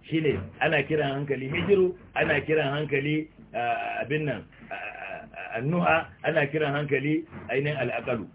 shine ana kiran hankali hijiru ana kiran hankali abin nan annuha ana kiran hankali ainihin al'akalu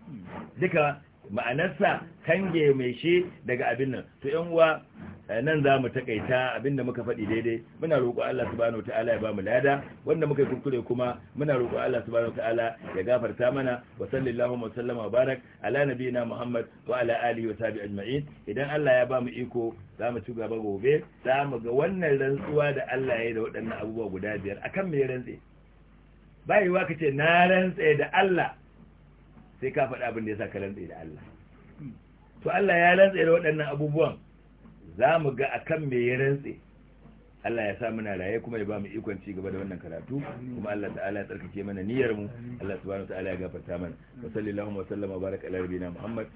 duka ma'anarsa kange mai shi daga abin nan to yan uwa Eh, nan za mu takaita abinda muka faɗi daidai muna roƙo Allah subhanahu ta'ala ya ba mu lada wanda muka kuskure kuma muna roƙo Allah subhanahu ta'ala ya gafarta mana wa sallallahu wa sallam wa barak ala nabiyina Muhammad wa ala alihi wa sahbihi ajma'in idan Allah ya ba mu iko za mu ci gaba gobe za mu ga wannan rantsuwa da Allah ya yi da waɗannan abubuwa guda biyar akan me bai wa kace na rantsa da Allah sai ka faɗa abin da ya sa ka rantsa da Allah to Allah ya rantsa da waɗannan abubuwan za mu ga akan me ya rantse Allah ya sa muna raye kuma ya ba mu ikon ci gaba da wannan karatu kuma Allah ta'ala ya tsarkake mana niyyar mu Allah subhanahu wa ta'ala ya gafarta mana wa sallallahu wa sallama baraka ala rabbina Muhammad